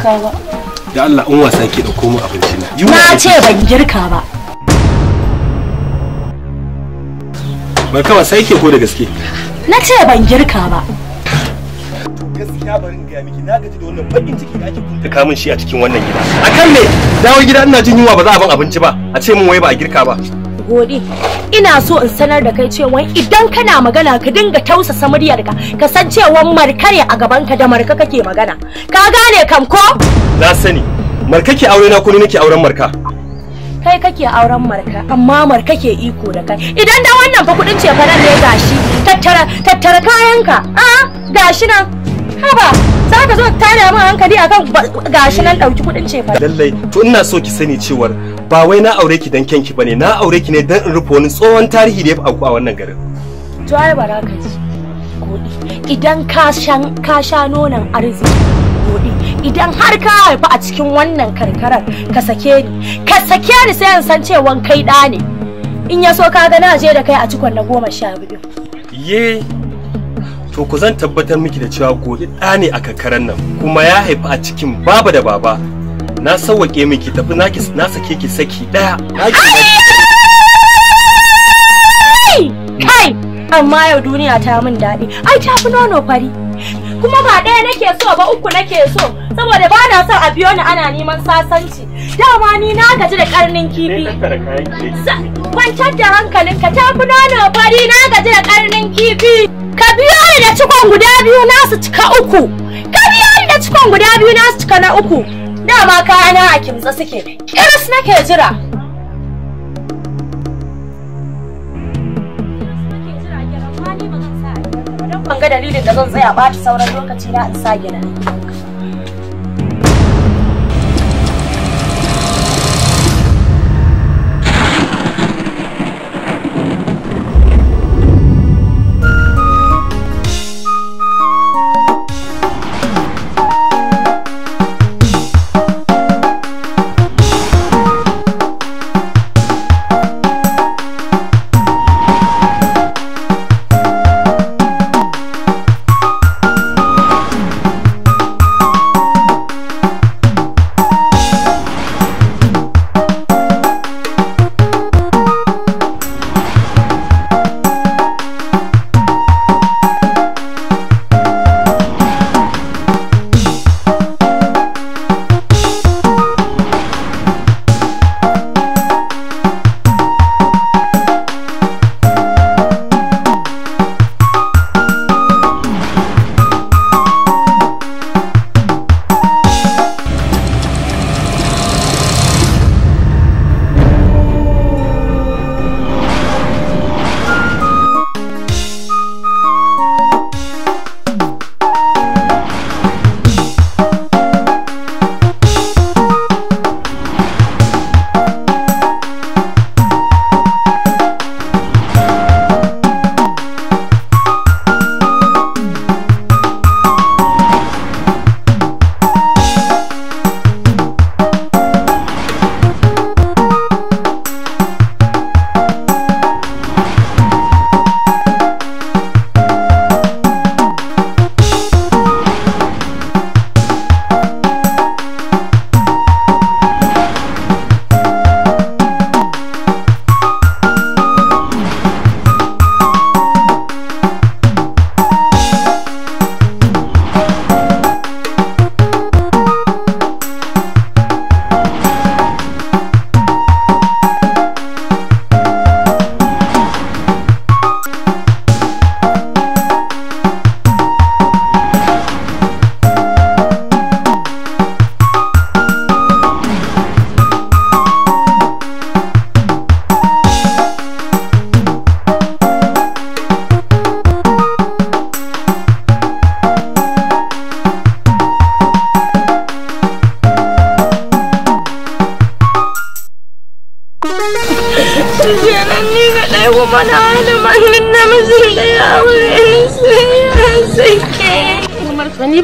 girka ba da Allah in wasa ke da komo abinci na na ce ban girka ba ko da gaske na ce ban girka ba gaskiya gaya miki na gaji da wannan bakin ciki da ake kunta kamun shi a cikin wannan gida kan me dawo gida ina jin yunwa ba za a ban abinci ba a ce min wai ba a girka ba gode ina so in sanar da kai cewa idan kana magana ka dinga tausasa muryarka ka san cewa marka ne a gaban ka da marka kake magana ka gane kam ko na sani marka ke aure na ko nake auren marka kai kake auren marka amma marka ke iko da kai idan da wannan fa kudin cefanen ne gashi tattara tattara kayanka a gashi nan haba za ka zo tare min hankali akan gashi nan dauki kudin cefanen lallai to ina so ki sani cewar ba wai na aure ki dan kyanki bane na aure ki ne dan in rufe wani tsohon tarihi da ya auku a wannan garin to ai baraka ji godi idan ka shan ka sha nonon arziki godi idan har ka haifi a cikin wannan karkarar ka sake ni ka sake ni sai in san cewa kai da ne in ya so ka ga na je da kai a cikon na goma sha biyu ye to ku zan tabbatar miki da cewa godi da ne a karkarar nan kuma ya haifi a cikin baba da baba na sauwaƙe miki tafi na sake ki saki ɗaya kai amma yau duniya ta min daɗi ai ta fi nono fari kuma ba ɗaya nake so ba uku nake so saboda ba na son a biyo ni ana neman sasanci dama ni na gaji da karnin kifi kwantar da hankalinka ta fi nono fari na gaji da karnin kifi ka biyo ni da cikon guda biyu nasu cika uku ka biyo ni da cikon guda biyu nasu cika na uku Dama kayana a kimtsa suke, kiris nake jira. Ban ga dalilin da zan tsaya ɓata sauran lokaci na in sa gidan.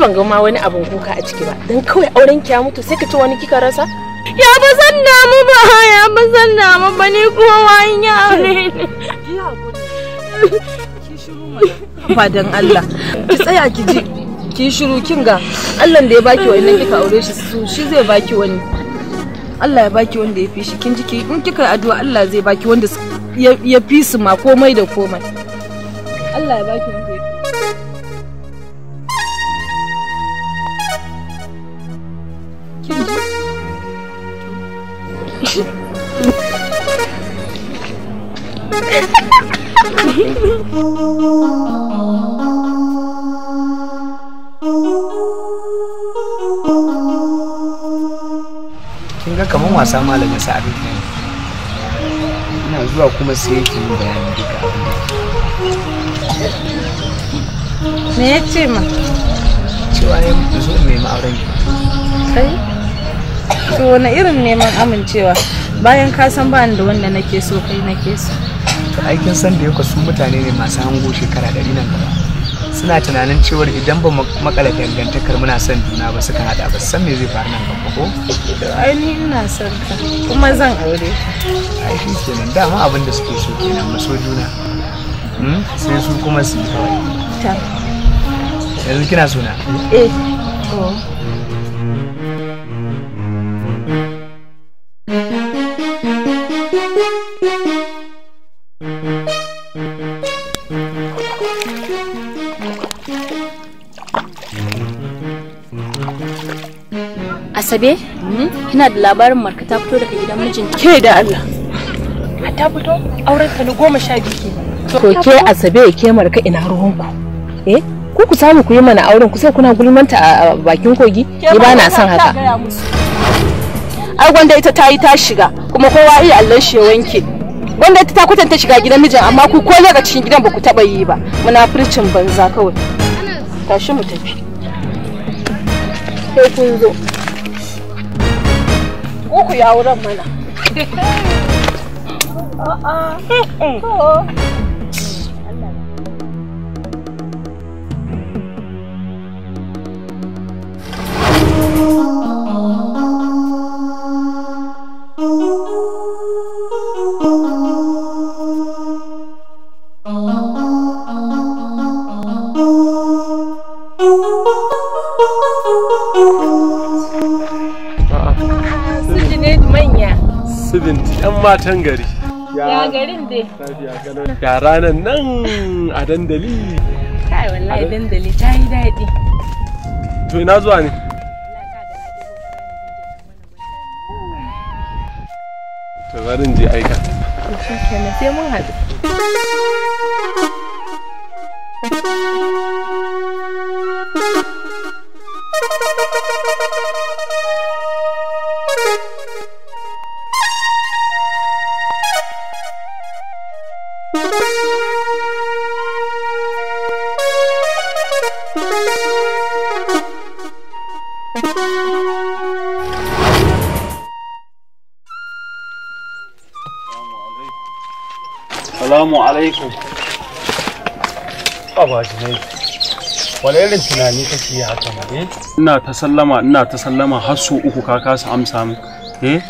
ban ga ma wani abin kuka a ciki ba dan kawai auren ki ya mutu sai ka ci wani kika rasa ya ba san mu ba ya ba san mu ba ni kuma wani aure ne fadan Allah ki tsaya ki ji ki shiru kin ga Allah da ya baki wani kika aure shi su shi zai baki wani Allah ya baki wanda ya fi shi kin ji ki in kika addu'a Allah zai baki wanda ya fi su ma komai da komai Allah ya baki wani sa malamin sa abin ne ina zuwa kuma sai yake yin bayani duka me ya ce ma cewa ya zo nemi auren kai to wani irin neman amincewa bayan ka san ba da wanda nake so kai nake so to aikin san da yau su mutane ne masu hango shekara ɗari nan gaba suna tunanin cewar idan ba makala dangantakar muna son juna ba suka hada ba san me zai faru nan gaba ko ai ni ina son ka kuma zan aure ka ai shi kenan dama abin da suke so kenan ba so juna hmm? sai su kuma su yi kawai yanzu kina suna eh oh. sabe kina da labarin Marka ta fito daga gidan mijinta. Ke da Allah. Ta fito auren ta na goma sha biyu ke. To ke sabe ke Marka ina ku Eh, ku ku samu ku yi mana auren ku sai kuna gulmanta a bakin kogi? Ni ba na son haka. Ai gwanda ita ta yi ta shiga kuma kowa iya Allah shi wanke. Gwanda ita ta kwatanta shiga gidan mijin amma ku ko daga cikin gidan ba ku taɓa yi ba. Muna furcin banza kawai. Tashi mu tafi. Sai kun zo. ku yi auren mana. matan gari. Ya garin dai. Ya ranar nan a dandali. Kai wallahi dandali ta yi daɗi. To ina zuwa ne? To barin je aika. Shikenan sai mun haɗu. Thank you. alaikum Aba Junaidu wani irin tunani kake yi haka ne? Eh? Ina ta sallama ina ta sallama har so uku ka kasa amsa min eh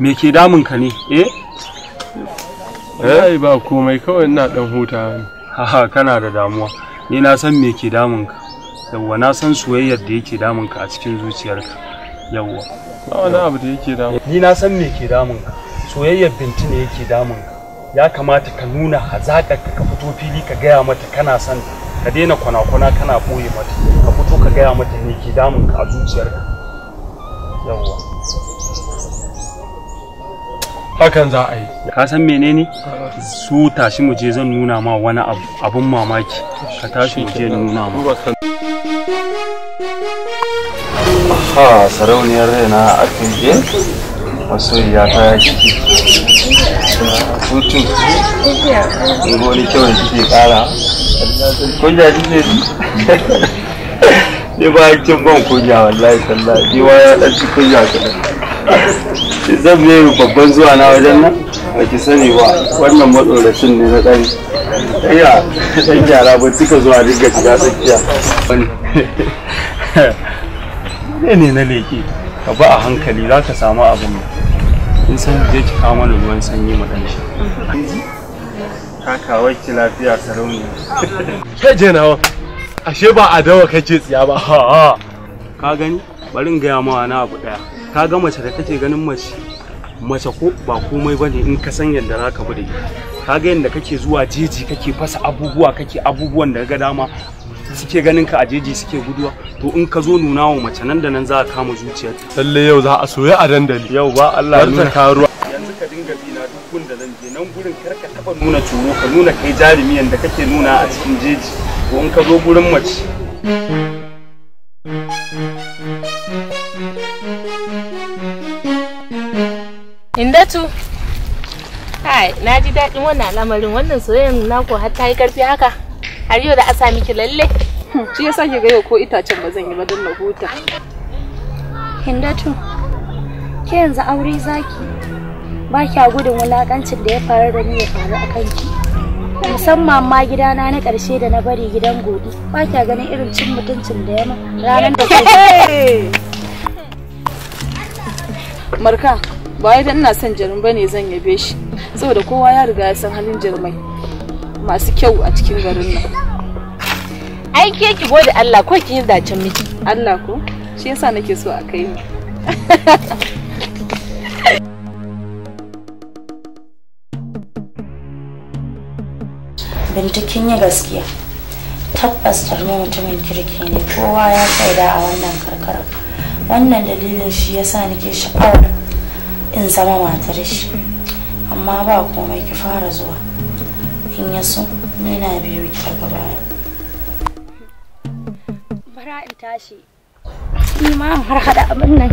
me ke damun ka ne eh Eh ba komai kawai ina dan huta Haha kana da damuwa ni na san me ke damun ka yawwa na san soyayyar da yake damun ka a cikin zuciyarka yawwa ba wani abu da yake damun ni na san me ke damun ka soyayyar binti ne yake damun ka ya kamata ka nuna hazaƙar ka fito fili ka gaya mata kana son ka daina kwana-kwana kana ɓoye mata ka fito ka gaya mata ne ke damun ka a ka yawwa hakan za a yi ka san menene su tashi mu je zan nuna ma wani abun mamaki ka tashi mu je nuna ma aha sarauniyar rena a kan masoyiya ta ya kike hutu in ga kyau da kike kara kunya kike ji ne ba kin ban kunya wallahi tallahi ni wa ya dan ci kunya kadan zan ne babban zuwa na wajen nan ba ki sani ba wannan matsoracin ne na ɗan iya ɗan gyara ba cika zuwa dinga shiga tsakiya ne na leke ka ba a hankali za ka samu abin da in san je ki kawo mana ruwan sanyi mu dan shi ki lafiya sarauni ke je nawa ashe ba a dawa kake tsiya ba ha ha ka gani bari in gaya mawa na abu daya ka ga mace da kake ganin mace mace ko ba komai bane in ka san yadda za ka bude ka ga yadda kake zuwa jeji kake fasa abubuwa kake abubuwan da ga dama suke ganin ka a jeji suke guduwa to in ka zo nuna wa mace nan da nan za a kama zuciyar talle yau za a soya a dandali yau ba Allah ya nuna yanzu ka dinga bina duk da zan je nan gurin kar ka taba nuna tsoro ka nuna kai jarumi yanda kake nuna a cikin jeji ko in ka zo gurin mace Indatu Hai, na ji daɗin wannan al'amarin wannan soyayyar naku har ta yi ƙarfi haka. har yau da a sa miki lalle hmm, shi yasa ki ga yau ko itacen ba zan yi ba don na huta hindatu ke yanzu aure zaki ba kya gudun wulakancin da ya faru da ni ya faru a kanki musamman ma gidana na ƙarshe da na bari gidan gobe ba kya ganin irin cin mutuncin da ya ranar da marka ba wai dan ina son jarum bane zan yabe shi saboda kowa ya riga ya san halin jarumai masu kyau a cikin garin nan ai ke ki gode Allah ko kin yi dacin miki Allah ko shi yasa nake so a kai ni Binta kin yi gaskiya tabbas tarmi mutumin kirki ne kowa ya shaida a wannan karkara wannan dalilin shi yasa nake sha'awar in zama matar shi amma ba komai ki fara zuwa in ya biyu yana baya bara in tashi ma har hada abin nan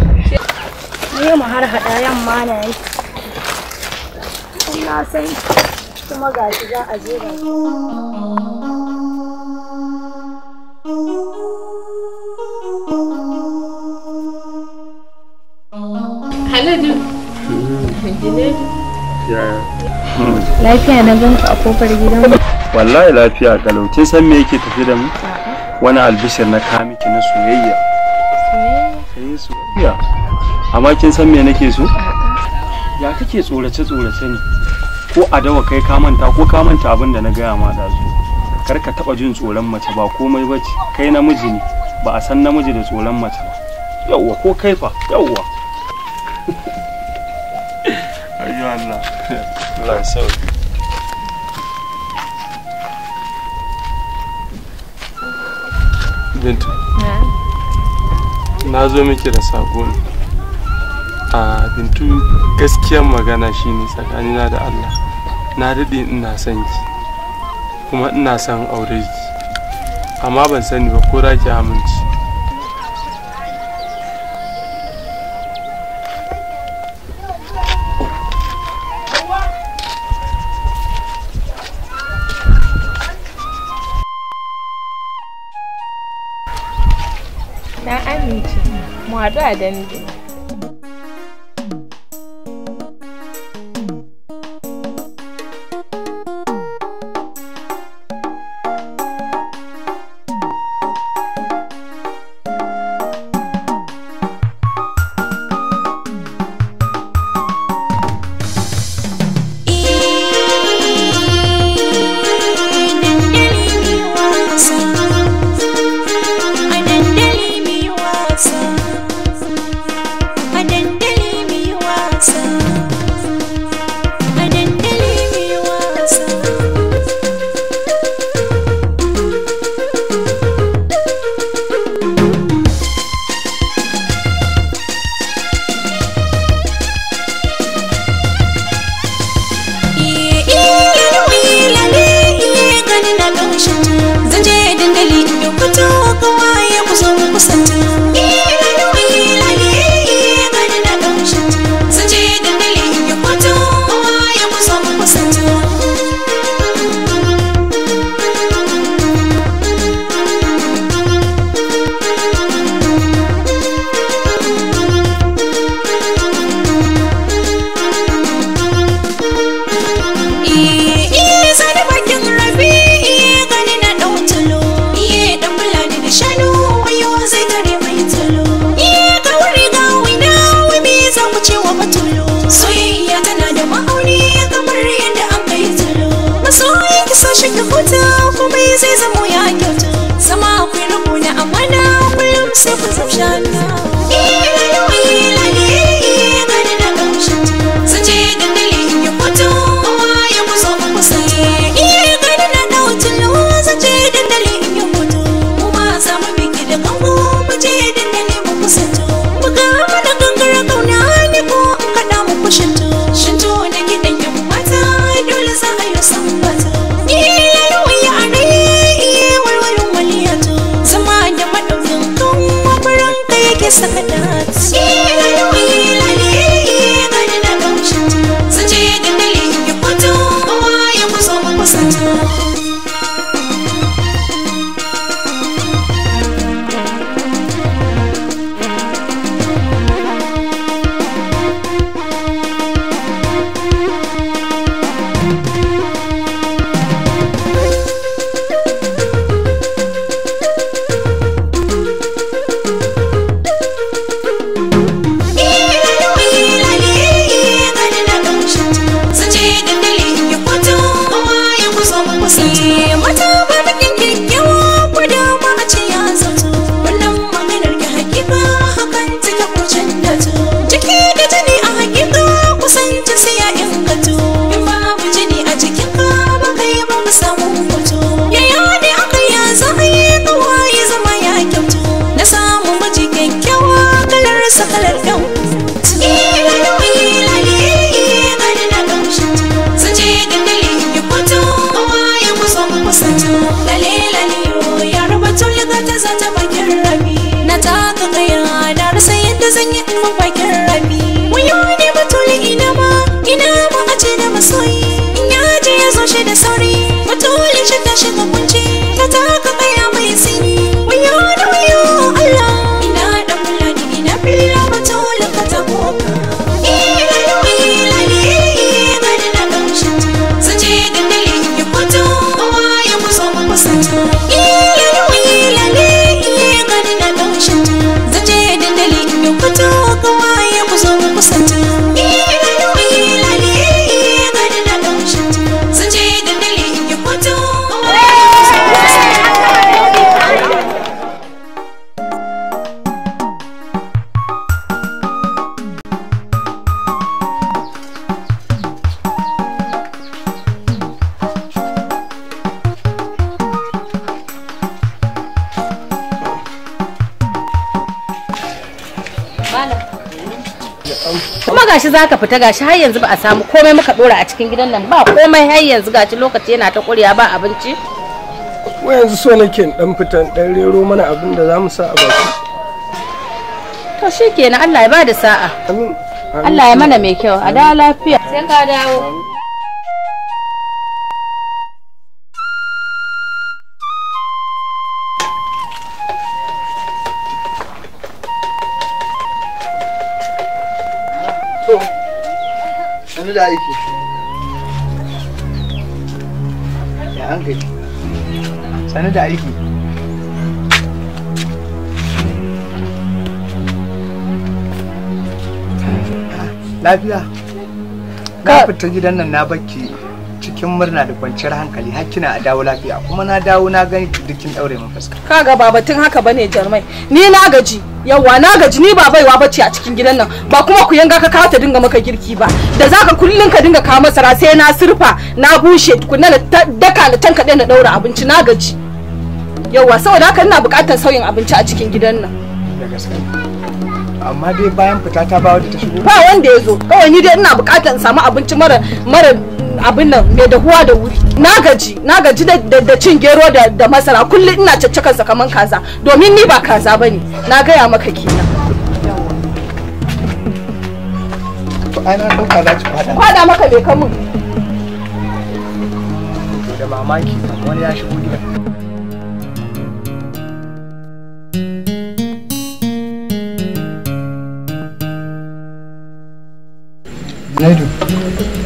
ne mu har hada yamma na yi na san kuma gashi za a je lafiya na ganka a kofar gidan wallahi lafiya kalau kin san me yake tafi da mu wani albishir na kamiki na soyayya soyayya amma kin san me nake so ya kake tsorace tsorace ne ko a dawa kai ka manta ko ka manta abin da na gaya ma da su kar ka taba jin tsoron mace ba komai bace kai namiji ne ba a san namiji da tsoron mace ba yauwa ko kai fa yauwa yi Allah bintu na zo miki da sako ne a ah, bintu gaskiyar magana shine tsakanina da Allah na daɗe ina son ki kuma ina son aure ki amma ban sani ba ko za ki amince I didn't. zaka fita gashi har yanzu ba a samu komai muka dora a cikin gidan nan ba komai har yanzu gashi lokaci yana ta ƙuriya ba abinci ko yanzu so nake dan fitan dan rero mana abin da zamu sa a baki to shikenan Allah ya bada sa'a amin Allah ya mana mai kyau a da lafiya sai ka dawo sannu da aiki ya hankali sani da aiki lafiya na fita gidan nan na baki cikin murna da kwanciyar hankali har kina a dawo lafiya kuma na dawo na gani dukkin daure mun fuska kaga ba batun haka bane jarmai ni na gaji yawa na gaji ni ba baiwa bace a cikin gidan nan ba kuma ku yanga ka kawo ta dinga maka girki ba da zaka kullun ka dinga kawo masara sai na surfa na bushe tukunna na daka na tanka na daura abinci na gaji yawa saboda haka ina buƙatar sauyin abinci a cikin gidan nan amma dai bayan fita ta ba wanda ta shigo ba wanda ya zo kawai ni dai ina buƙatar in samu abinci mara mara abin nan mai dahuwa da wuri na gaji na gaji da cin gero da masara kullum ina caccakan sa kaman kaza domin ni ba kaza bane na gaya maka kenan ai na dauka za ki fada fada maka me kamun da mamaki wani ya shigo gidan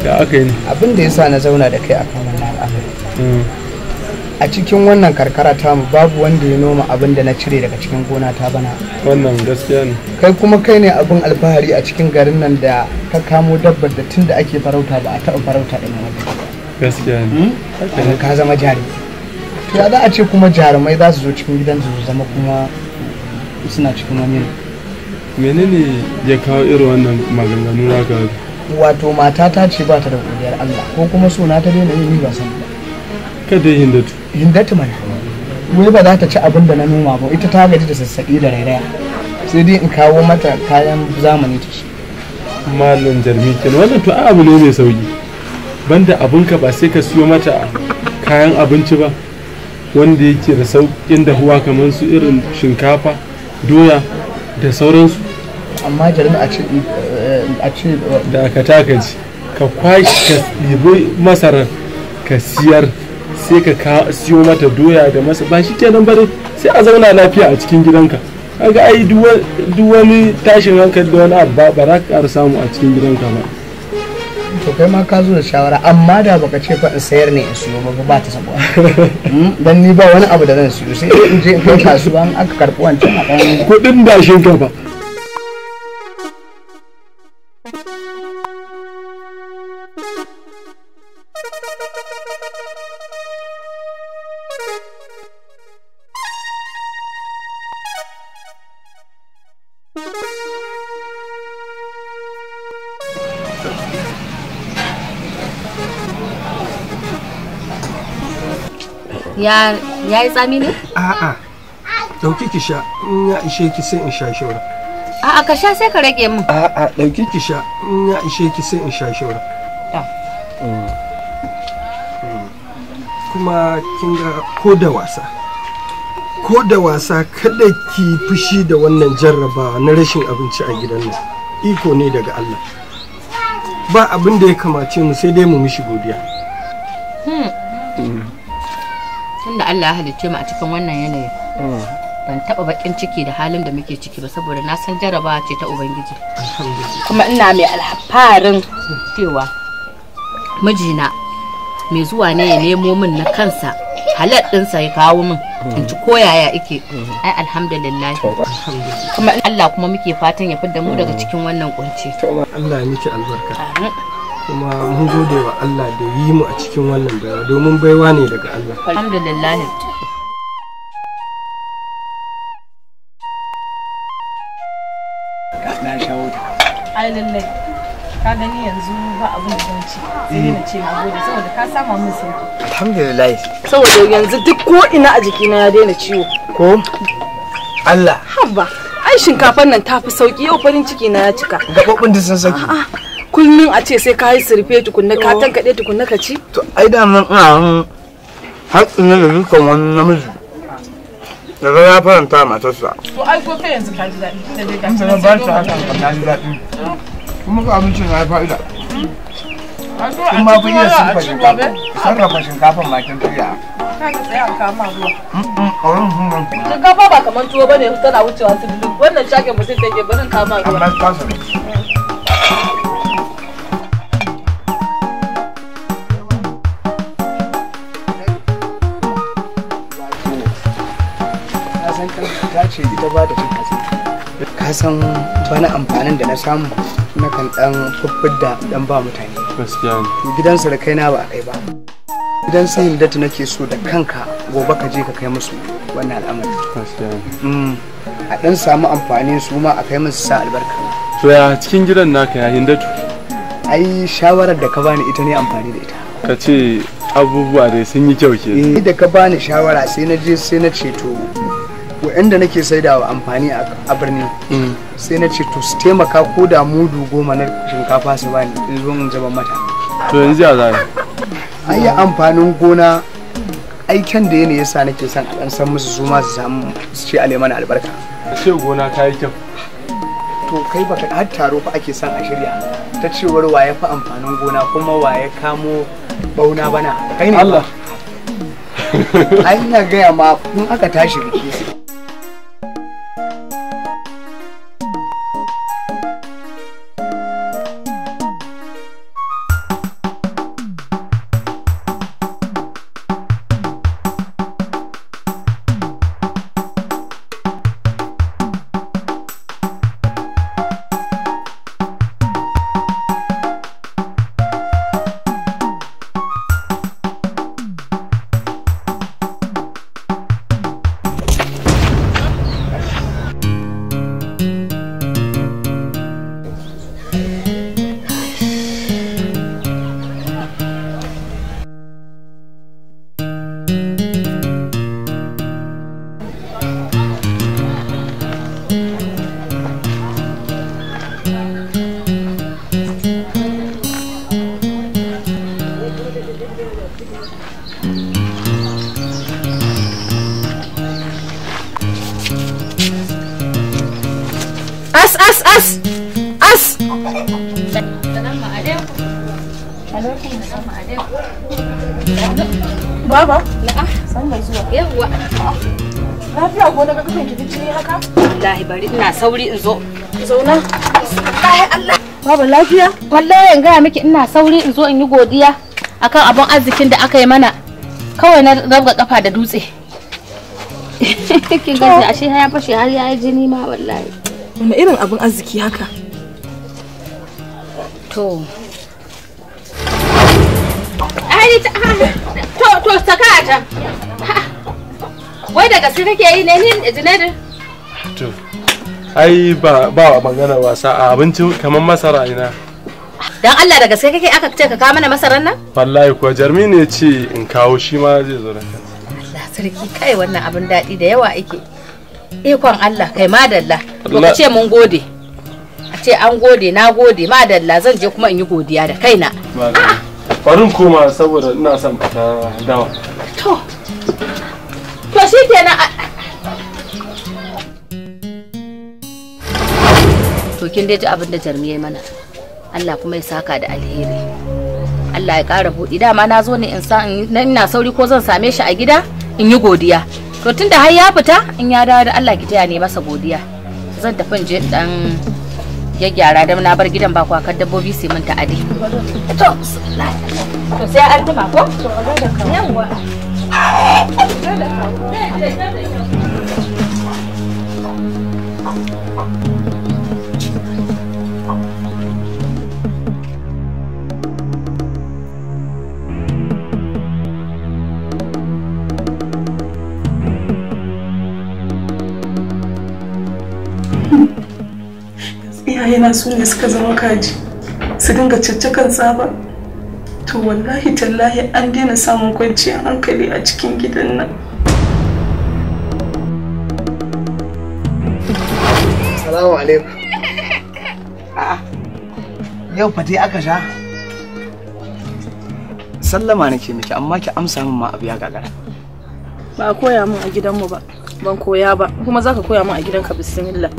da aka yi abin da sa na zauna da kai kan wannan al'amari mm. a cikin wannan karkara ta mu babu wanda ya noma abin da na cire daga cikin gona ta bana wannan gaskiya ne kai kuma kai ne abin alfahari a cikin garin nan da ka kamo dabbar da tun da ake farauta ba a taɓa farauta da wata gaskiya hmm? ne ka zama jari to za a ce kuma jarumai za su zo cikin gidan su zama kuma suna cikin wani menene ya kawo irin wannan maganganu naka wato mata ta ce ba ta da godiyar Allah ko kuma so na ta daina yin ni ba san ba datu. Yin datu mai wai ba za ta ci abin na noma ba ita ta gaji da sassaƙi da rairaya sai dai in kawo mata kayan zamani ta shi malam jarmi wannan to abu ne mai sauki banda ka ba sai ka siyo mata kayan abinci ba wanda yake da sauƙin dahuwa kamar su irin shinkafa doya da sauransu amma Jarumi a ce a ce da taka takaci ka kwashi ka ɗibi masarar ka siyar sai ka siyo mata doya da masa ba shi kenan bare sai a zauna lafiya a cikin gidanka kaga ai duk wani tashin hankali da wani abu ba za ka samu a cikin gidanka ba to kai ma ka zo da shawara amma da baka ce fa in sayar ne in siyo ba ba ta sabuwa hmm? dan ni ba wani abu da zan siyo sai in je in kai kasuwa in aka karɓi wancan a kan kudin dashin ka ba ya yi tsami ne? a'a ɗauki ki sha in ya ishe ki sai in sha shaura a'a ka sha sai ka rage mun. a'a ɗauki ki sha in ya ishe ki sai in sha shaura kuma kin ga ko da wasa ko da wasa kada ki fushi da wannan jarrabawa na rashin abinci a gidan nan iko ne daga Allah ba abin da ya kamace mu sai dai mu mishi godiya hmm. da Allah ya halicce mu a cikin wannan yanayin hmm. ban taba bakin ciki da halin da muke ciki ba saboda na san jaraba ce ta ubangiji kuma ina mai alfarin cewa mijina mai zuwa ne ya nemo min na kansa halal ɗinsa ya kawo min hmm. in ci koyaya ike hmm. ai alhamdulillah kuma Allah kuma muke fatan ya fidda mu daga cikin wannan kunci Allah ya miki albarka kuma mun gode wa Allah da yi mu a cikin wannan baiwa domin baiwa ne daga Allah alhamdulillah na shawo ai lallai ka gani yanzu ba abin da zan ci sai na ce na gode saboda ka sama min sauki alhamdulillah saboda yanzu duk ko ina a jikina ya daina ciwo ko Allah haba ai shinkafar nan ta fi sauki yau farin ciki na ya cika gaɓoɓin da sun sauki kullum a ce sai ka yi surfe tukunna ka tankaɗe tukunna ka ci to ai da nan ina har ina da dukkan wani namiji da zai ya faranta matarsa to ai ko kai yanzu ka ji daɗi da dai ka ci ba ta haka ka ji daɗi kuma ka abincin ya yi fa'ida kun ma fi iya sarrafa shinkafa sarrafa shinkafa ma kin ya ka ga tsaya kama ruwa shinkafa ba kamar tuwo bane tana wucewa su dubu wannan shagen mutum take barin kama ruwa amma ta sami mm. ce ita ba da cin hatsi ka san bana amfanin da na samu na kan dan da dan ba mutane gaskiya ne gidan kai na ba a kai ba gidan sai ta nake so da kanka gobe ka je ka kai musu wannan al'amari gaskiya mm. a dan samu amfani su ma a kai musu sa albarka to ya cikin gidan naka ya hindatu ai shawarar da ka bani ita ne amfani da ita ka ce abubuwa dai sun yi kyau ke eh, da ka bani shawara sai na je sai na ce to inda nake saidawa amfani a birni mm. sai na ce to su taimaka ko da mudu goma na shinkafa su bani in zo in zuba mata to yanzu ya zai ai amfanin gona aikin da yana yasa nake son a san musu su ma su samu su ce mana albarka ce gona ta yi kyau to kai baka har taro fa ake son a shirya ta cewar waye fa amfanin gona kuma waye kamo bauna bana kai ne Allah ai ina gaya ma kun aka tashi biki da zuwa. Yawwa. Lafiya ko na ga kafin ki jini haka? Wallahi bari ina sauri in zo. Zauna. Wallahi Allah. Baba lafiya? Wallahi in gaya miki ina sauri in zo in yi godiya akan abun arzikin da aka yi mana. Kawai na rabga kafa da dutse. Kin gaji ashe ya fashe har ya yi jini ma wallahi. Wani irin arziki haka? To. to to saka Wai da gaske kake yi ne ni Junaidu? To, ai ba ba magana wasa a abinci kamar masara ina. Dan Allah da gaske kake aka ce ka kawo mana masarar nan? Wallahi kuwa Jarmi ne ce in kawo shi ma zai zo da Allah sarki kai wannan abin daɗi da yawa ake. Ikon Allah kai madalla. ko ka ce mun gode. A ce an gode na gode madalla zan je kuma in yi godiya da kaina. Bari koma saboda ina son fita dawa. To. shi kenan to kin dai ji abin da jarmi mana Allah kuma ya saka da alheri Allah ya ƙara buɗi dama na zo ne in ina sauri ko zan same shi a gida in yi godiya to tunda har ya fita in ya dawo da Allah ki taya ne masa godiya zan tafi je dan gyara da na bar gidan ba kwakar dabbobi sai mun ta'adi to sai an ko to da yawa iyayena su ne suka zama kaji su dinga cece kan tsaba to wallahi tallahi an daina samun kwanciyar hankali a cikin gidan nan salamu alaikum yau fate aka sha sallama nake miki amma ki amsa min ma abu ya gagara ba koya min a gidanmu ba ban koya ba kuma zaka koya min a gidanka bismillah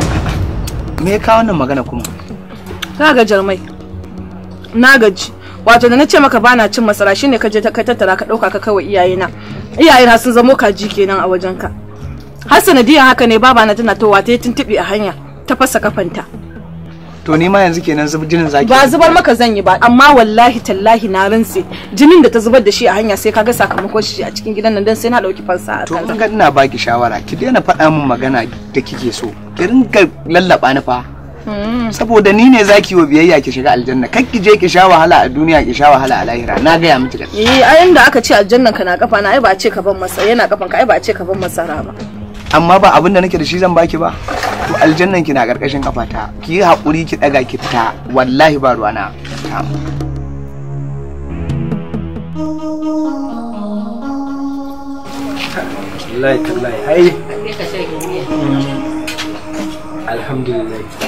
me ya kawo wannan magana kuma ka ga jarmai na gaji wato da na ce maka bana cin masara shine ka je ka tattara ka dauka ka kawai iyayena iyayena sun zamo kaji kenan a wajen ka har sanadiyan haka ne baba na tana towa ta yi tuntuɓe a hanya ta fasa kafanta to ni ma yanzu kenan zubar jinin zaki ba zubar maka zan yi ba amma wallahi tallahi na rantse jinin da ta zubar da shi a hanya sai kaga sakamakon shi a cikin gidan nan dan sai na dauki fansa to in ga ina baki shawara ki daina faɗa min magana da kike so ki ringa lallaba ni fa Hmm. saboda ni ne zaki wa biyayya ki shiga aljanna kar ki je ki sha wahala a duniya ki sha wahala a lahira na gaya miki gaskiya eh a inda aka ce aljanna ka na kafa na ai ba ce ka ban masa yana kafan ka ai ba ce ka ban masara ba amma ba abin da nake da shi zan baki ba to aljannan ki na karkashin kafata ki yi hakuri ki daga ki fita wallahi ba ruwana hmm. Alhamdulillah.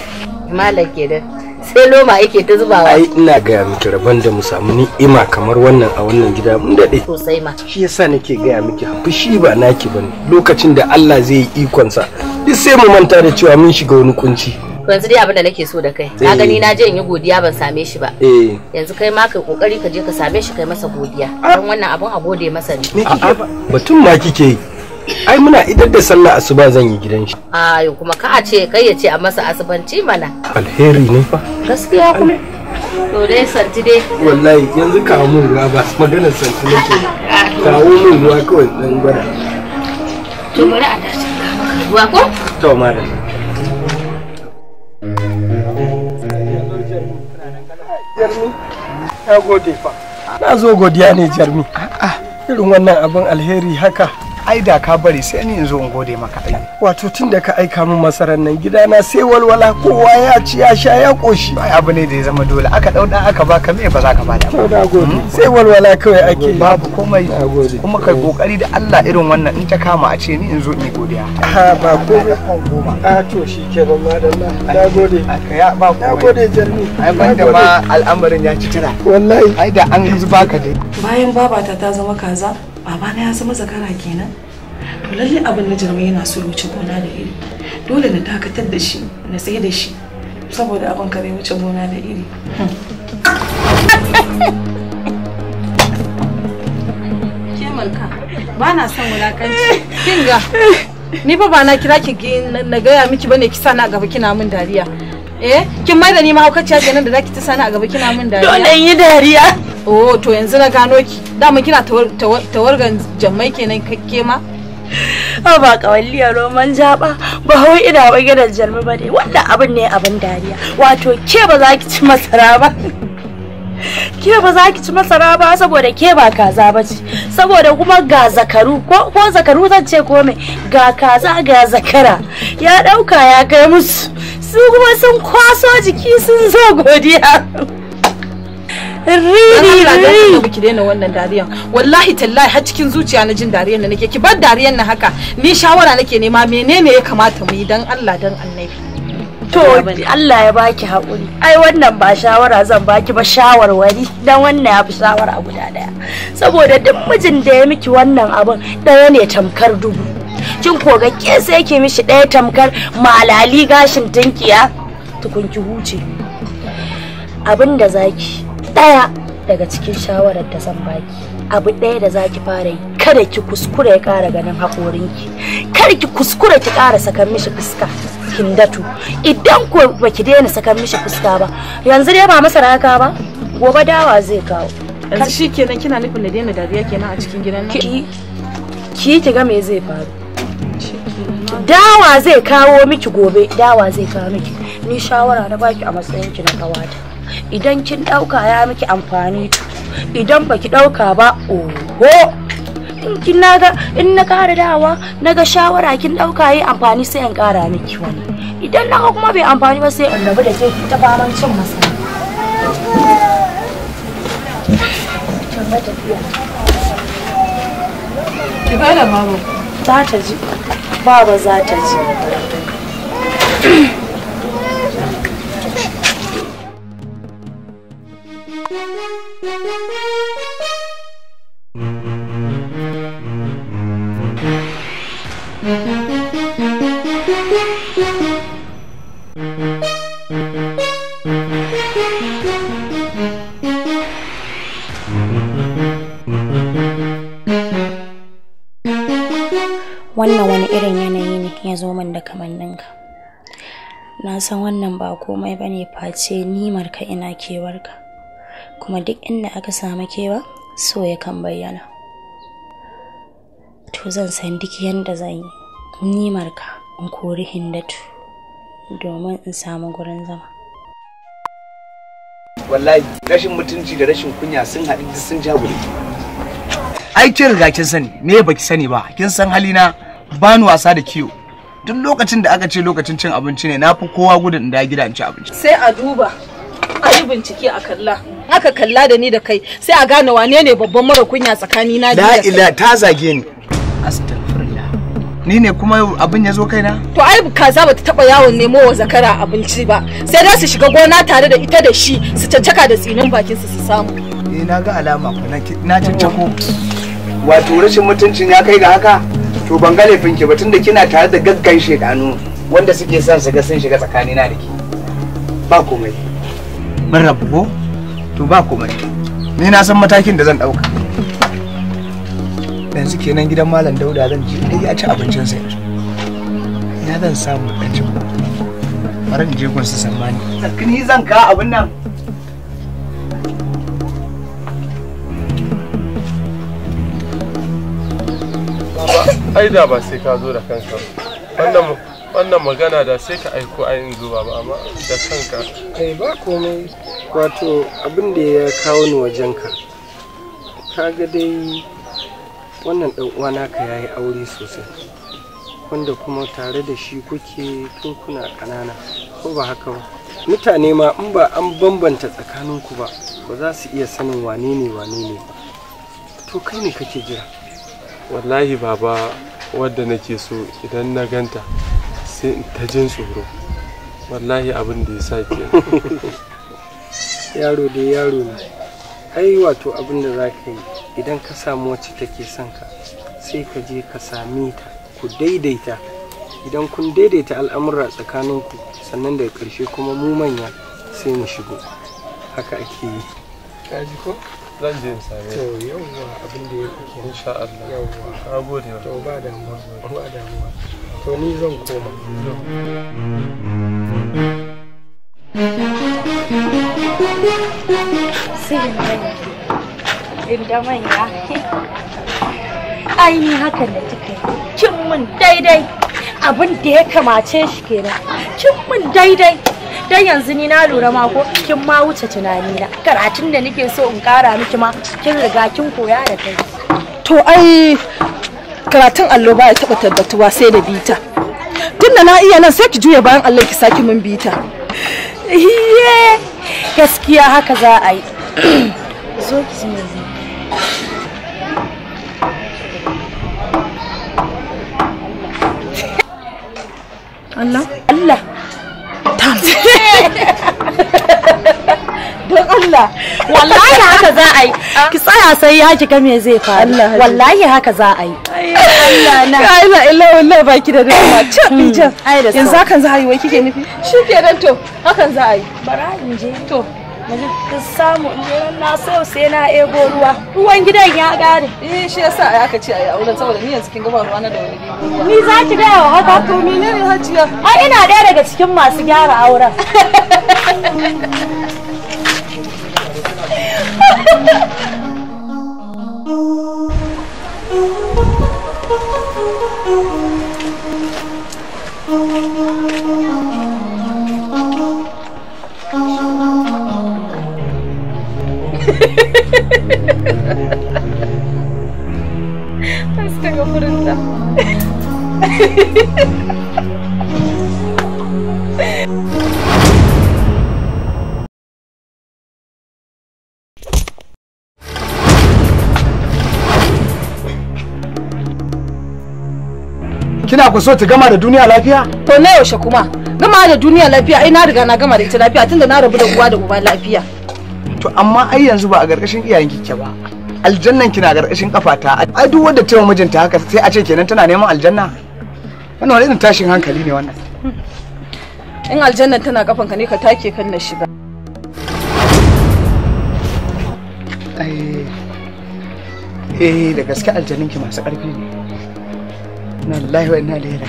malam kenan sai loma yake ta zubawa ai ina gaya miki rabon da mu samu ni'ima kamar wannan a wannan gida mun dade sosai ma shi yasa nake gaya miki fushi ba naki bane lokacin da Allah zai yi ikonsa duk sai mu manta da cewa mun shiga wani kunci yanzu dai abin da nake so da kai na gani eh. na je in yi godiya ban same shi ba eh. yanzu kai ma kai kokari ka je ka same shi kai masa godiya ah. don wannan abun a gode masa ne batun ma kike yi ai muna idar da sallah asuba zan yi gidan shi ayo kuma ka ce kai ya ce a masa asubanci mana alheri ne fa gaskiya kuma to dai santi dai wallahi yanzu kawo mun ruwa ba maganar santi ka kawo mun ruwa kawai dan gwada to bari a tashi ruwa ko to madan na zo godiya ne Jarmi. A'a, irin wannan abin alheri haka. ai da ka bari sai ni in zo in gode maka ai wato tun da ka aika min masarar nan gidana sai walwala kowa ya ci ya sha ya koshi ai abu ne da ya zama dole aka dauda aka baka me ba za ka bada ba hmm? sai walwala kawai ake babu komai kuma kai kokari da Allah irin wannan in ta kama a ce ni in zo in godiya ha ba komai a to da madalla na gode ya ba komai na gode jarmi ai da ma al'amarin ya ci tira wallahi ai da an zuba ka dai bayan babata ta zama kaza babana ya zama zakara kenan to lalle abin na jirma yana so ya wuce gona da iri dole na dakatar da shi na tsaye da shi saboda abin ka zai wuce gona da iri ba na son wulakanci kinga ni fa ba na kira ki na gaya miki bane ki a gaba kina min dariya eh kin mai da ni ma haukaciya kenan da zaki ta sani a gaba kina min dariya dole yi dariya oh to yanzu na gano ki dama kina tawargan jamai kenan kake ma a ba liya roman jaba ba hau ina ba gidan jalmi ba ne wannan abin ne abin dariya wato ke ba za ki ci masara ba ke ba za ki ci masara ba saboda ke ba kaza ba ce saboda kuma ga zakaru ko zakaru zan ce ko me ga kaza ga zakara ya dauka ya kai musu su kuma sun kwaso jiki sun zo godiya Riri riri. Dan ki daina wannan dariyan. Wallahi tallahi har cikin zuciya na jin dariyan da nake ki bar dariyan na haka. Ni shawara nake nema menene ya kamata mu yi dan Allah dan Annabi. To Allah ya baki haƙuri. Ai wannan ba shawara zan baki ba shawarwari dan wannan ya fi shawara guda daya. Saboda duk mijin da ya miki wannan abin ɗaya ne tamkar dubu. Kin koga ke sai ke mishi daya tamkar malali gashin tunkiya tukunki huce. Abin da zaki ɗaya daga cikin shawarar da zan baki abu ɗaya da za ki fara yi kada ki kuskure ya ƙara ganin haƙorinki kada ki kuskure ki ƙara sakan mishi fuska kindatu idan ko baki daina sakan mishi fuska ba yanzu dai ba masaraka ba gobe dawa zai kawo yanzu shi kenan kina nufin da daina dariya kenan a cikin gidan nan ki ki ki ga me zai faru dawa zai kawo miki gobe dawa zai kawo miki ni shawara na baki a matsayin ki na kawata idan kin ɗauka ya miki amfani idan baki ɗauka ba oho in kin naga in na ƙara dawa naga shawara kin ɗauka yi amfani sai in ƙara miki wani idan naga kuma bai amfani ba sai in rabu da ke ta faman cin masa Ki bada babu. Za ta ji. Baba za ta ji. wannan wani irin yanayi ne ya zo min da kamanninka na san wannan ba komai bane face nimarka ka ina kewarka kuma duk inda aka samu kewa so kan bayyana to zan san duk yadda zan yi ni marka in kori hindatu domin in samu gurin zama wallahi rashin mutunci da rashin kunya sun haɗu duk sun ja ai kin riga kin sani me baki sani ba kin san halina ba ni wasa da kiyo duk lokacin da aka ce lokacin cin abinci ne na fi kowa gudun da gida in ci abinci sai a duba bincike a kalla aka kalla da ni da kai sai a gane wane ne babban mara kunya tsakani na da ila ta zage ni ni ne kuma abin ya zo kaina to ai kaza bata taba yawon nemo wa zakara abinci ba sai za su shiga gona tare da ita da shi su caccaka da tsinin bakin su su samu eh na ga alama ku na caccako wato rashin mutuncin ya kai ga haka to ban ga ki ba tunda kina tare da gaggan shedanu wanda suke son su ga sun shiga tsakanina da ke ba komai mun rabu ko to ba komai ni na san matakin da zan dauka yanzu kenan gidan malam dauda zan je dai ya ci abincin sa ya zan samu kancin bari in je gun su sammani ni zan ka abin nan aida ba sai ka zo da kansa wannan wannan magana da sai ka aiko a yin zuwa ba amma da kanka kai ba komai wato abin da ya kawo ni wajenka kaga dai wannan ɗan uwana ka yayi aure sosai wanda kuma tare da shi kuke tun kuna ƙanana ko ba haka ba mutane ma in ba an bambanta tsakaninku ba ba za su iya sanin wane ne wane ne to kai ne kake jira wallahi baba wadda nake so idan na ganta sai ta jin tsoro wallahi abin da ya sa ke yaro da yaro ne ai wato abin da za ka yi idan ka samu wacce take son ka sai ka je ka sami ta ku daidaita idan kun daidaita al'amura tsakaninku sannan daga ƙarshe kuma mu manya sai mu shigo haka ake yi kaji ko zan je in same to yawwa abin da ya kuke insha Allah yawwa ka gode to ba damuwa ba damuwa to ni zan koma inda manya ni hakan da kika yi kin mun daidai abin da ya kamace shi kenan kin mun daidai dan yanzu ni na lura ma ko kin ma wuce tunani na karatun da nake so in kara miki ma kin riga kin koya da kai to ai karatun allo ba ya taba tabbatuwa sai da bita tun da na iya nan sai ki juya bayan allo ki saki min bita iye gaskiya haka za a yi zo ki Allah Allah don Allah wallahi haka za a yi ki tsaya sai ya kiga me zai faru wallahi haka za a yi Allah na ila ila wallahi baki da dama ce hmm. can hmm. yanzu hakan za a yi wai kike nufi shikenan to hakan za a yi bara in je to ka samu na so sai na ego ruwa ruwan gidan ya gare. eh shi yasa ai aka ce ai auren saboda ni yanzu kin gaba ruwa na da wani ni za ki gaya wa haka to menene hajiya ai ina ɗaya daga cikin masu gyara auren z tego chorynda. kina ku so ta gama da duniya lafiya to na yaushe kuma gama da duniya lafiya ai na riga na gama da ita lafiya tunda na rabu da uwa da uba lafiya to amma ai yanzu ba a gargashin iyayen kike ba aljannan kina gargashin kafata ai duk wanda ta mijinta haka sai a ce kenan tana neman aljanna wannan wani irin tashin hankali ne wannan in aljannan tana kafan ka ne ka take kan na shiga eh da gaske aljaninki masu ƙarfi ne Inna lillahi wa inna ilaihi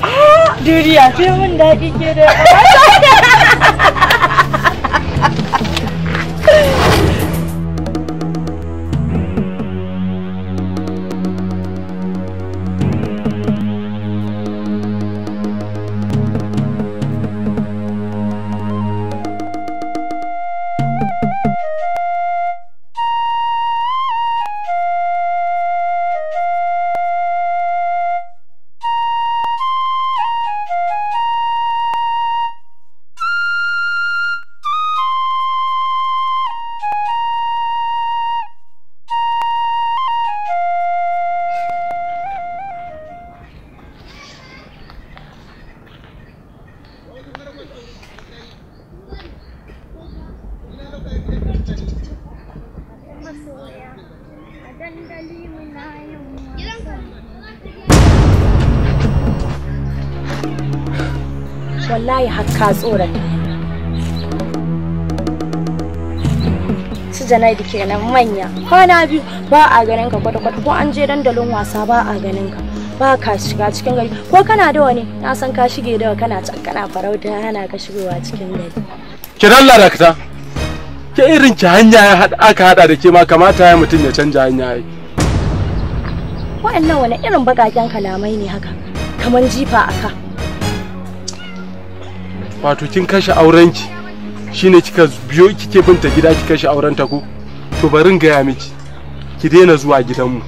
ah, sai mun daɗi ke da wallahi har ka tsoron su janaidu kenan manya kwana biyu ba a ganin ka kwata-kwata ko an je dandalin wasa ba a ganin ka ba ka shiga cikin gari ko kana dawa ne na san ka shige dawa kana can kana farauta hana ka shigowa cikin gari ki dalla da ka ke irin ki hanya aka hada da ke ma kamata ya mutum ya canja hanya yi wa'annan wani irin bakaken kalamai ne haka kamar jifa aka. ka wato kin kashe aurenki shine kika biyo kike binta gida kika kashe aurenta ko to barin gaya miki ki daina zuwa gidanmu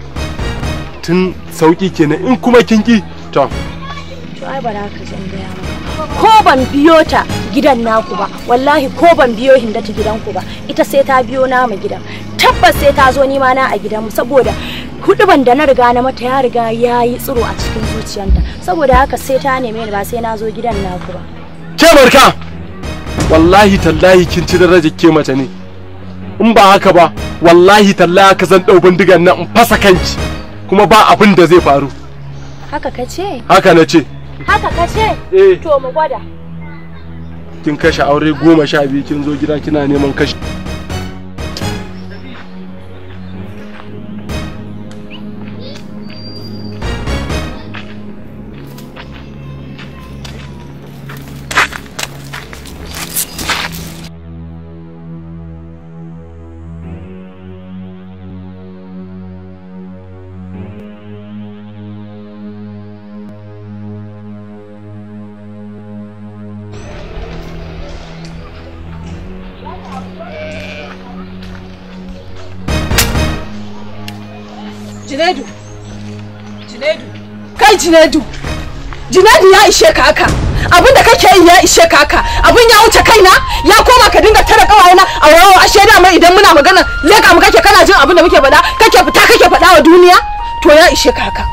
tun sauki kenan in kuma kin ki to ai ba ka san gaya ko ban biyo ta gidan naku ba wallahi ko ban biyo hinda ta gidanku ba ita sai ta biyo mu gidan tabbas sai ta zo nima na a gidanmu saboda kuɗuban da na riga na mata ya riga ya yi tsiro a cikin zuciyanta saboda haka sai ta neme ni ba sai na zo gidan naku ba kawarka wallahi tallahi kin ci darajar ke mace ne in ba haka ba wallahi tallahi ka zan ɗau bindigan nan in fasa kanki kuma ba abin da zai faru haka ka ce haka na ce haka ka ce eh. to mu gwada kin kashe aure goma sha biyu kin zo gida kina neman kashe jinadu jinadu ya ishe ka haka abin da kake yi ya ishe ka haka abin ya wuce kaina ya koma ka dinga tara kawayena a wayo ashe da mai idan muna magana leka mu kake kana jin abin da muke faɗa kake fita kake faɗa wa duniya to ya ishe ka haka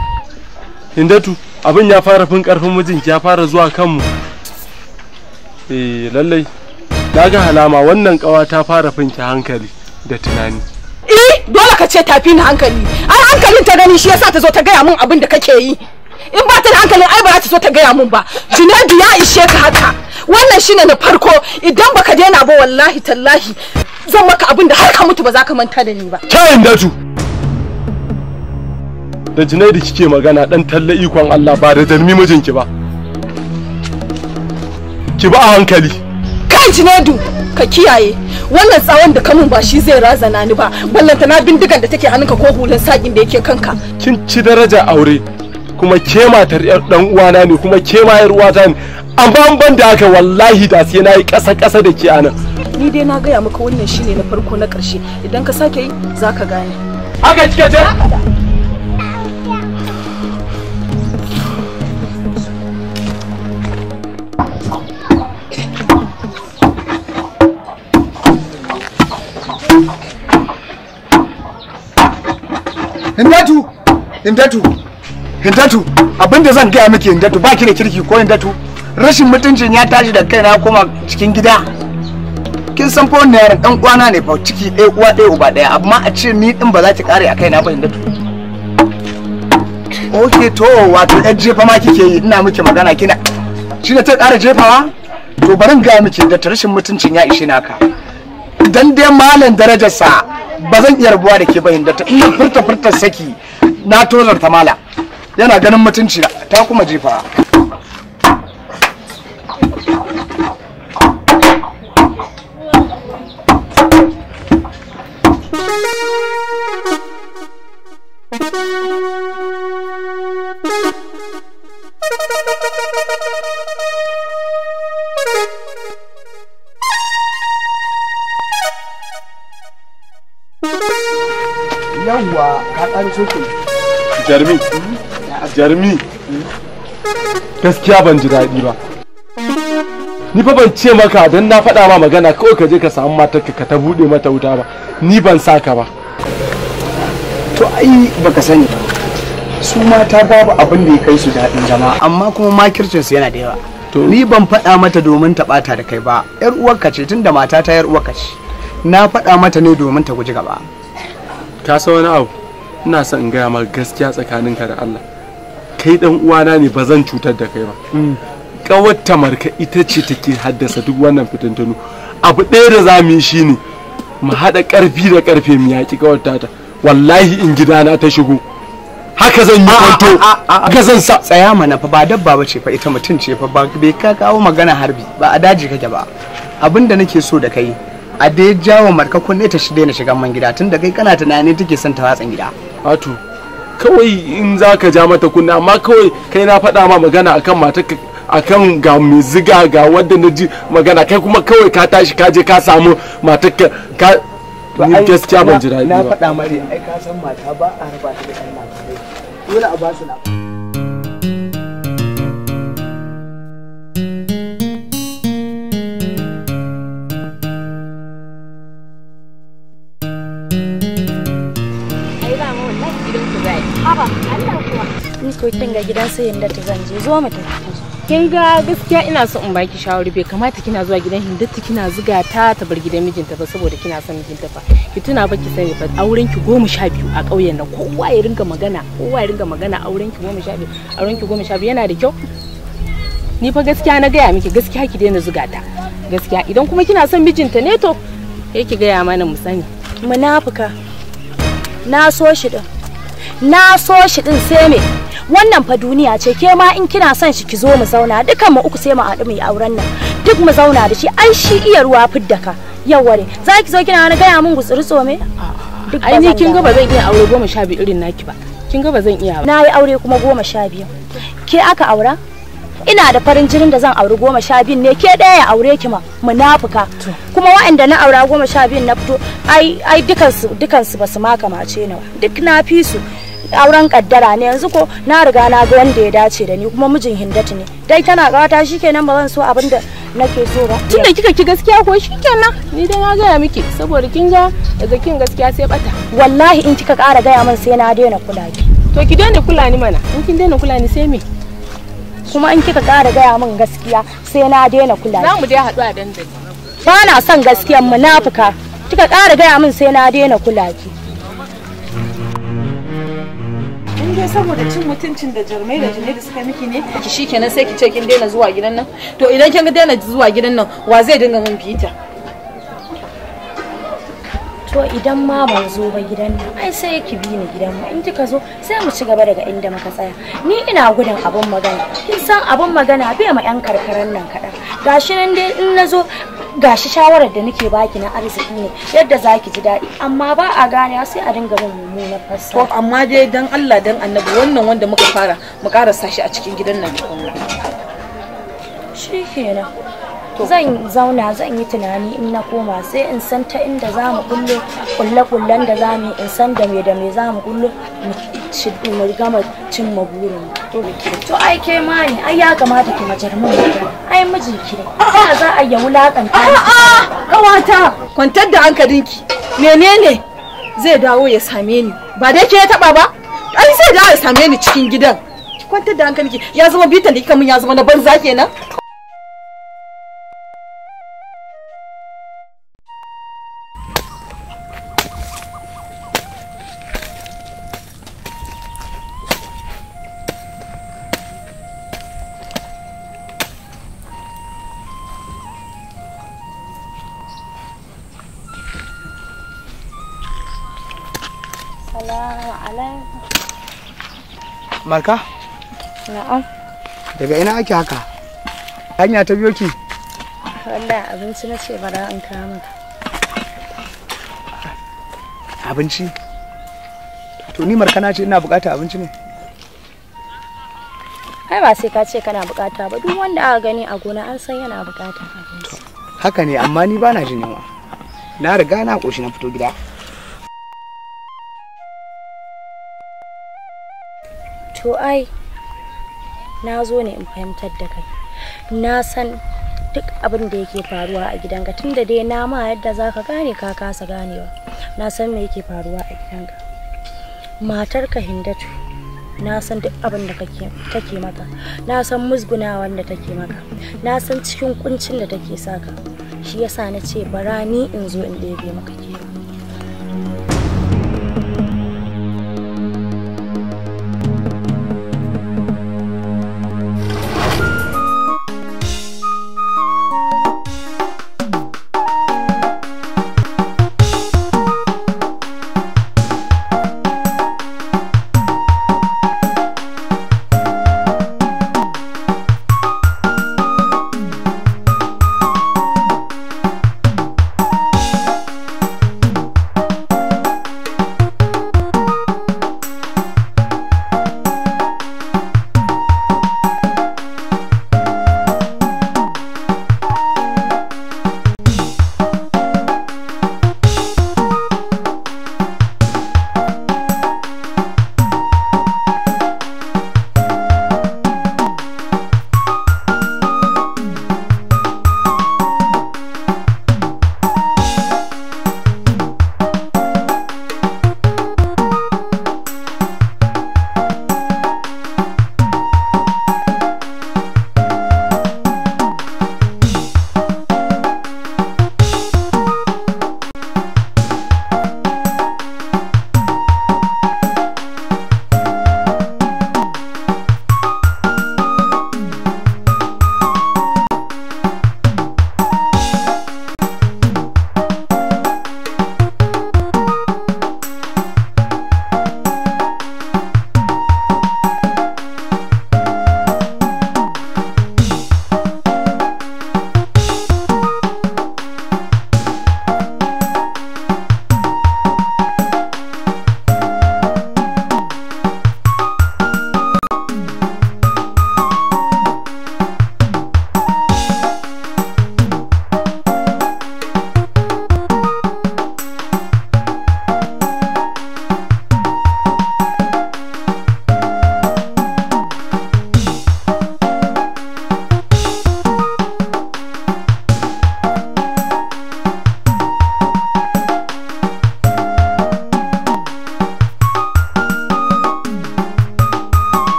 Hindatu abin ya fara fin karfin mijinki ya fara zuwa kanmu eh lallai na ga halama wannan kawa ta fara ki hankali da tunani eh dole ka ce tafi ni hankali ai hankalin ta gani shi yasa ta zo ta gaya min abin da kake yi in ba ta da hankalin ai ba za ta so ta gaya mun ba junaidu ya ishe ka haka wannan shine na farko idan baka daina ba wallahi tallahi zan maka abin da har ka mutu ba za ka manta da ni ba kayan datu da junaidu kike magana dan talla ikon Allah ba da dalmi mijinki ba ki ba a hankali kai junaidu ka kiyaye wannan tsawon da kamun ba shi zai razana ni ba ballanta na bindigan da take hannunka ko hulan sakin da yake kanka kin ci daraja aure kuma ke matar dan uwana ne kuma ke ma yar uwata ne amma ban da haka wallahi da sai nayi kasa kasa da ke anan ni dai na gaya maka wannan shine na farko na karshe idan ka sake yi zaka gane haka kike ce Indatu! Indatu! hindatu da zan gaya miki hindatu ba ki da kirki ko hindatu rashin mutuncin ya tashi da kaina ya koma cikin gida kin san fa wannan yaron dan uwana ne fa ciki ɗaya uwa ɗaya uba ɗaya amma a ce ni din ba za ki kare a kaina ba hindatu ok to wato ɗan jefa ma kike yi ina miki magana kina shi ne ta ƙara jefawa to barin gaya miki hindatu rashin mutuncin ya ishe naka dan dai malam darajarsa ba zan iya rabuwa da ke ba hindatu ina furta furta saki na tozarta mala yana ganin mutunci ta kuma jefa yauwa ka ƙarfi ku jarumi mhm. jarmi gaskiya ban ji daɗi ba ni fa ban ce maka don na faɗa ma magana kawai ka je ka samu matar ka ta buɗe mata wuta ba ni ban sa ka ba to ai baka sani ba su mata babu abin da ya kai su daɗin zama amma kuma makircin su yana da yawa ni ban faɗa mata domin ta ɓata da kai ba yar uwarka ce tunda mata ta yar uwarka ce na faɗa mata ne domin ta guji gaba ka san wani abu ina son in gaya maka gaskiya tsakaninka da Allah kai dan uwana ne ba cutar da kai ba kawar mm. tamarka ita ce take haddasa duk wannan fitintunu abu ɗaya da za mu yi shine mu haɗa ƙarfi da ƙarfe mu yaƙi kawar tata wallahi in gida na ta shigo haka zan yi kwanto haka zan sa tsaya mana fa ba dabba ba ce fa ita mutum ce fa ba bai ka kawo magana harbi ba a daji kake ba abinda nake so da kai a dai jawo marka kunne ta shi daina shigan man gida tun da kai kana tunani take son ta watsan gida wato kawai in za ka ja mata kunna amma kawai kai na faɗa ma magana akan matarka akan ga mai ziga ga wadda na ji magana kai kuma kawai ka tashi ka je ka samu matarka ka ni gaskiya ban ji daɗi ba na faɗa mare ai ka san mata ba a raba ta da kan mata dole a ba su na fuskokin ga gidan sai yanda ta zanje zo mu tafi kin ga gaskiya ina so in baki shawari bai kamata kina zuwa gidan hindatti kina zuga ta ta bar gidan mijinta ba saboda kina son mijinta fa ki tuna ba ki sani fa auren ki goma sha biyu a ƙauyen nan kowa ya ringa magana kowa ya ringa magana auren ki goma sha biyu auren ki 12 yana da kyau ni fa gaskiya na gaya miki gaskiya ki daina zuga ta gaskiya idan kuma kina son mijinta ne to ki gaya mana mu sani munafuka na so shi din na so shi din sai me wannan fa duniya ce ke ma in kina son shi ki zo mu zauna dukan mu uku sai mu haɗu mu yi auren nan duk mu zauna da shi ai shi iya ruwa fidda ka yawwa ne za ki zo kina wani gaya min gutsuri tsome ai ni kin ga ba zan iya aure goma sha biyu irin naki ba kin ga ba zan iya ba na yi aure kuma goma sha biyu ke aka aura ina da farin jinin da zan aure goma sha biyun ne ke ɗaya ya aure ki ma munafuka kuma wa'anda na aura goma sha biyun na fito ai ai dukansu dukansu basu ma kamace ni duk na fi su auren kaddara ne yanzu ko na riga na ga wanda ya dace da ni kuma mijin hindatu ne dai tana gawata shikenan ba zan so abin da nake so ba tunda kika ki gaskiya ko shikenan ni dai na gaya miki saboda kin ga daga kin gaskiya sai bata wallahi in kika kara gaya min sai na daina kula ki to ki daina kula ni mana in kin daina kula ni sai me kuma in kika kara gaya min gaskiya sai na daina kula za mu dai haɗu a dandali ba na son gaskiyan munafuka kika kara gaya min sai na daina kula ki in saboda cin mutuncin da jarumai da jinai da suka miki ne ki shikenan sai ki ce kin daina zuwa gidan nan to idan kin daina zuwa gidan nan wa zai dinga min fita to idan ma ban zo ba gidan nan ai sai ki bi ni gidan ma in kika zo sai mu ci gaba daga inda muka tsaya ni ina gudun abun magana kin san abun magana bai ma yan karkaran nan kaɗan gashi nan dai in na zo gashi shawarar da nake baki na arziki ne yadda zaki ji daɗi amma ba a gane sai a dinga min mummunar fasa. to amma dai dan Allah dan Annabi wannan wanda muka fara mu karasa shi a cikin gidan nan kenan zan zauna zan yi tunani in na koma sai in san ta inda za mu kullo kulle-kullen da za mu in san da me da me za mu kullo mu gama cin mu burin to ai ke ma ne ai ya kamata ki majar mun ai miji ki ba za a yi wulakanta kawata kwantar da hankalinki menene zai dawo ya same ni ba dai ke ya taba ba ai zai dawo ya same ni cikin gidan kwantar da hankalinki ya zama bitan da kika mun ya zama na banza kenan Marka? Na'am. Daga ina ake haka? Hanya ta biyo ki? Wanda abinci na ce bara an kama. Abinci? To ni Marka na ce ina bukata abinci ne. Kai ba sai ka ce kana bukata ba duk wanda aka gani a gona an san yana bukata abinci. Haka ne amma ni ba na jin yunwa. Na riga na koshi na fito gida. to ai na zo ne in fahimtar da kai na san duk abin da yake faruwa a gidanka da dai na ma yadda za ka gane ka kasa ganewa na san me yake faruwa a gidanka matarka hindatu na san duk abin da take maka na san musgunawan da take maka na san cikin kuncin da take saka shi yasa na ce bara ni in zo in ɗebe maka kewa